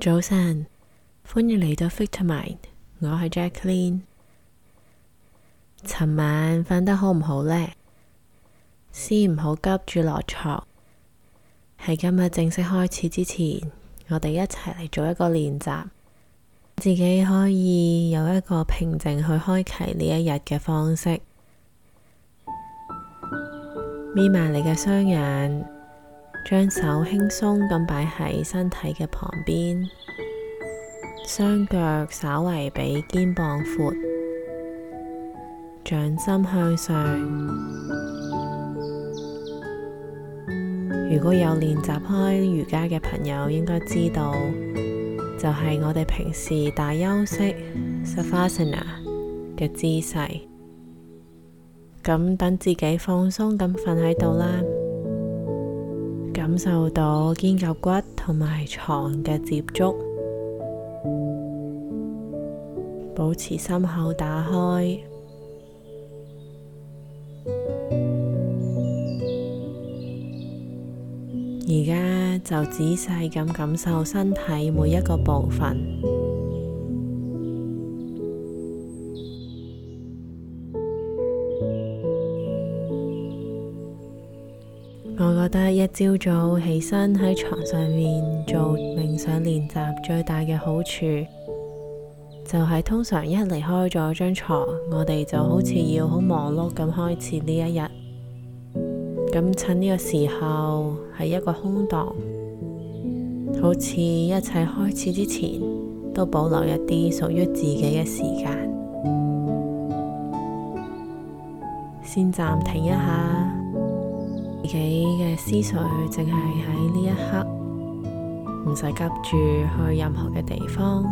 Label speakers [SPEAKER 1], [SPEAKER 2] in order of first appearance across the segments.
[SPEAKER 1] 早晨，歡迎嚟到 Vitamind，我係 Jacqueline。尋晚瞓得好唔好呢？先唔好急住落床，喺今日正式開始之前，我哋一齊嚟做一個練習，自己可以有一個平靜去開啟呢一日嘅方式。眯埋你嘅雙眼。將手輕鬆咁擺喺身體嘅旁邊，雙腳稍微比肩膀闊，掌心向上。如果有練習開瑜伽嘅朋友，應該知道，就係、是、我哋平時大休息 （Savasana） u 嘅姿勢。咁等自己放鬆咁瞓喺度啦。感受到肩胛骨同埋床嘅接觸，保持心口打開。而家就仔細咁感受身體每一個部分。我覺得一朝早起身喺床上面做冥想練習，最大嘅好處就係通常一離開咗張床，我哋就好似要好忙碌咁開始呢一日。咁趁呢個時候係一個空檔，好似一切開始之前，都保留一啲屬於自己嘅時間，先暫停一下。自己嘅思緒淨係喺呢一刻，唔使急住去任何嘅地方，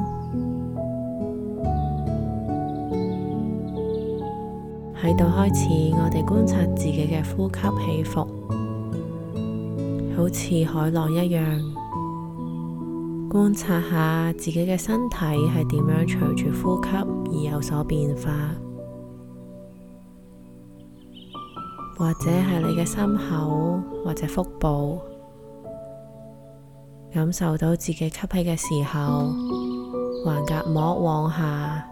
[SPEAKER 1] 喺度開始我哋觀察自己嘅呼吸起伏，好似海浪一樣，觀察下自己嘅身體係點樣隨住呼吸而有所變化。或者係你嘅心口或者腹部，感受到自己吸氣嘅時候，橫膈膜往下，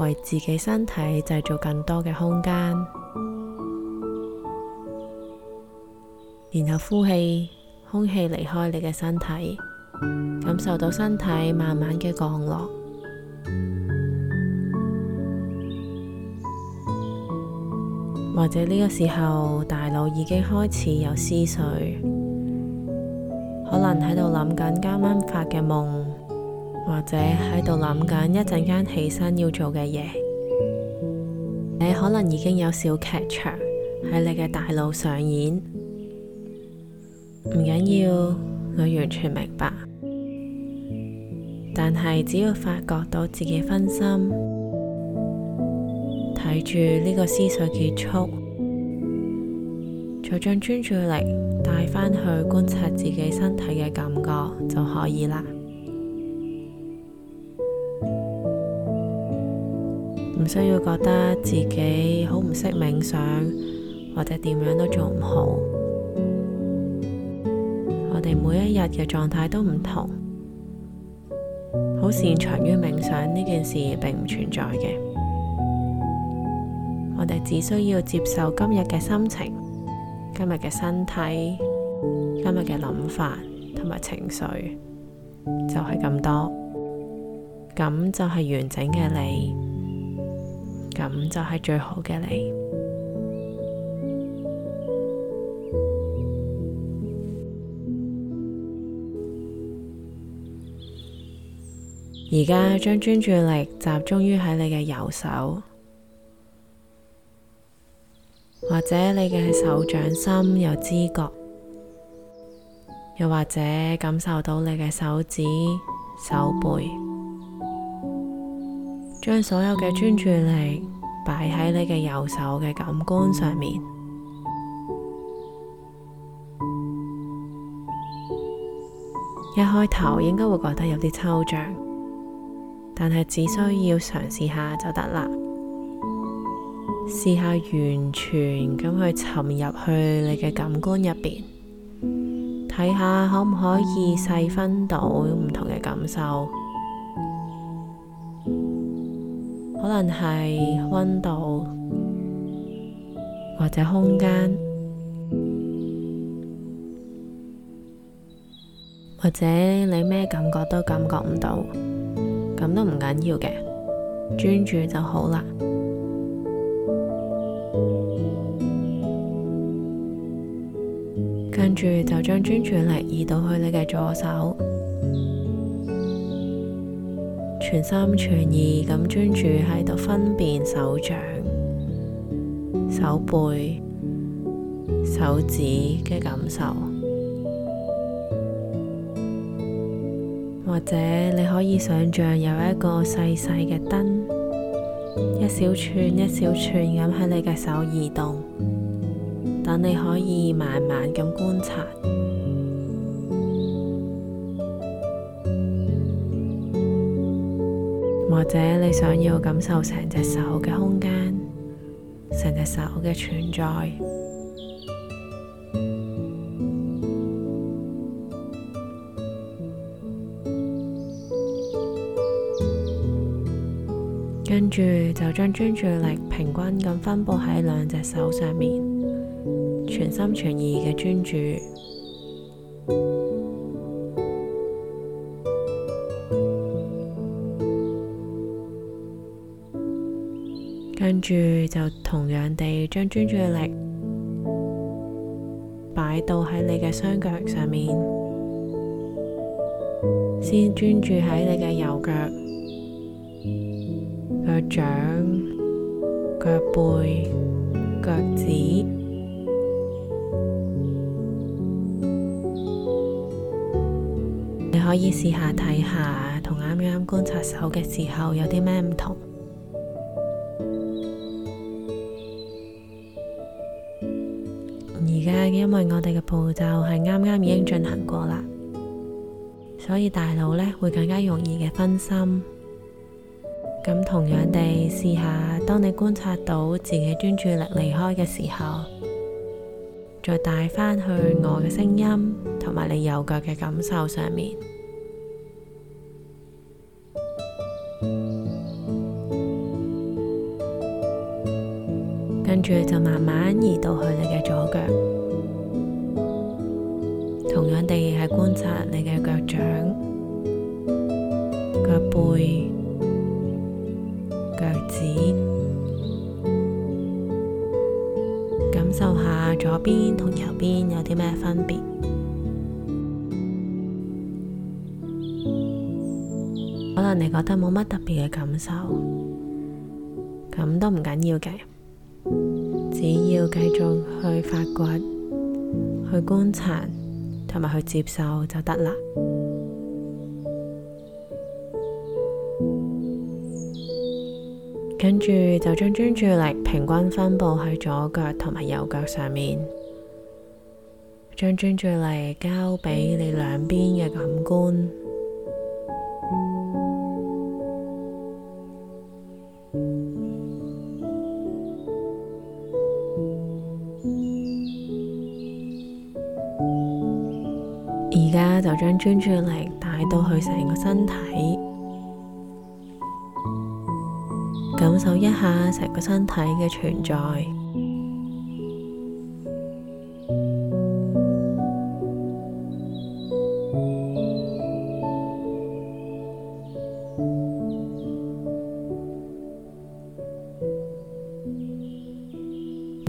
[SPEAKER 1] 為自己身體製造更多嘅空間，然後呼氣，空氣離開你嘅身體，感受到身體慢慢嘅降落。或者呢個時候，大腦已經開始有思緒，可能喺度諗緊啱啱發嘅夢，或者喺度諗緊一陣間起身要做嘅嘢。你可能已經有小劇場喺你嘅大腦上演，唔緊要，我完全明白。但係只要發覺到自己分心。睇住呢個思緒結束，再將專注力帶返去觀察自己身體嘅感覺就可以啦。唔需要覺得自己好唔識冥想，或者點樣都做唔好。我哋每一日嘅狀態都唔同，好擅長於冥想呢件事並唔存在嘅。我哋只需要接受今日嘅心情、今日嘅身體、今日嘅諗法同埋情緒，就係咁多，咁就係完整嘅你，咁就係最好嘅你。而家將專注力集中於喺你嘅右手。或者你嘅手掌心有知覺，又或者感受到你嘅手指、手背，將所有嘅專注力擺喺你嘅右手嘅感官上面。一開頭應該會覺得有啲抽象，但係只需要嘗試下就得啦。試下完全咁去沉入去你嘅感官入邊，睇下可唔可以細分到唔同嘅感受，可能係溫度或者空間，或者你咩感覺都感覺唔到，咁都唔緊要嘅，專注就好啦。跟住就將專注力移到去你嘅左手，全心全意咁專注喺度分辨手掌、手背、手指嘅感受，或者你可以想象有一個細細嘅燈，一小串一小串咁喺你嘅手移動。等你可以慢慢咁觀察，或者你想要感受成隻手嘅空間，成隻手嘅存在，跟住就將專注力平均咁分布喺兩隻手上面。全心全意嘅專注，跟住就同樣地將專注力擺到喺你嘅雙腳上面，先專注喺你嘅右腳、腳掌、腳背、腳趾。可以試下睇下，同啱啱觀察手嘅時候有啲咩唔同。而家因為我哋嘅步驟係啱啱已經進行過啦，所以大腦呢會更加容易嘅分心。咁同樣地試下，當你觀察到自己專注力離開嘅時候，再帶返去我嘅聲音同埋你右腳嘅感受上面。跟住就慢慢移到去你嘅左腳，同樣地係觀察你嘅腳掌、腳背、腳趾，感受下左邊同右邊有啲咩分別。可能你覺得冇乜特別嘅感受，咁都唔緊要嘅。只要繼續去發掘、去觀察同埋去接受就得啦。跟住就將專注力平均分佈喺左腳同埋右腳上面，將專注力交俾你兩邊嘅感官。就將專注力帶到去成個身體，感受一下成個身體嘅存在。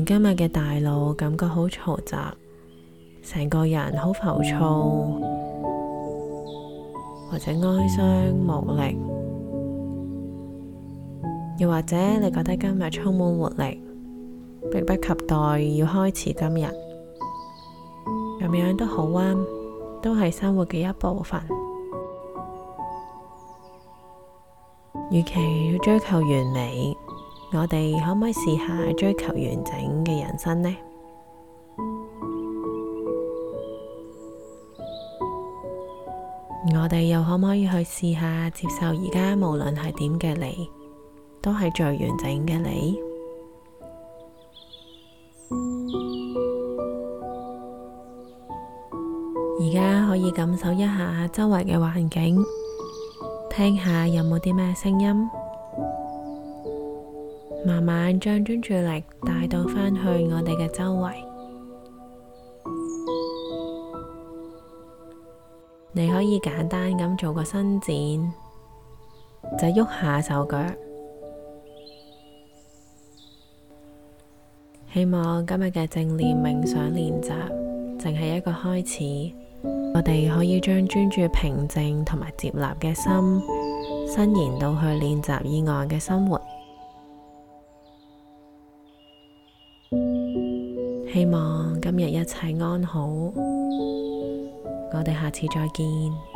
[SPEAKER 1] 今日嘅大腦感覺好嘈雜，成個人好浮躁，或者哀傷無力，又或者你覺得今日充滿活力，迫不及待要開始今日，咁樣都好啊，都係生活嘅一部分。與其要追求完美，我哋可唔可以試下追求完整嘅人生呢？我哋又可唔可以去試下接受而家無論係點嘅你，都係最完整嘅你？而家可以感受一下周圍嘅環境，聽下有冇啲咩聲音，慢慢將專注力帶到返去我哋嘅周圍。你可以簡單咁做個伸展，就喐下手腳。希望今日嘅正念冥想練習淨係一個開始，我哋可以將專注、平靜同埋接納嘅心，伸延到去練習以外嘅生活。希望今日一切安好。我哋下次再見。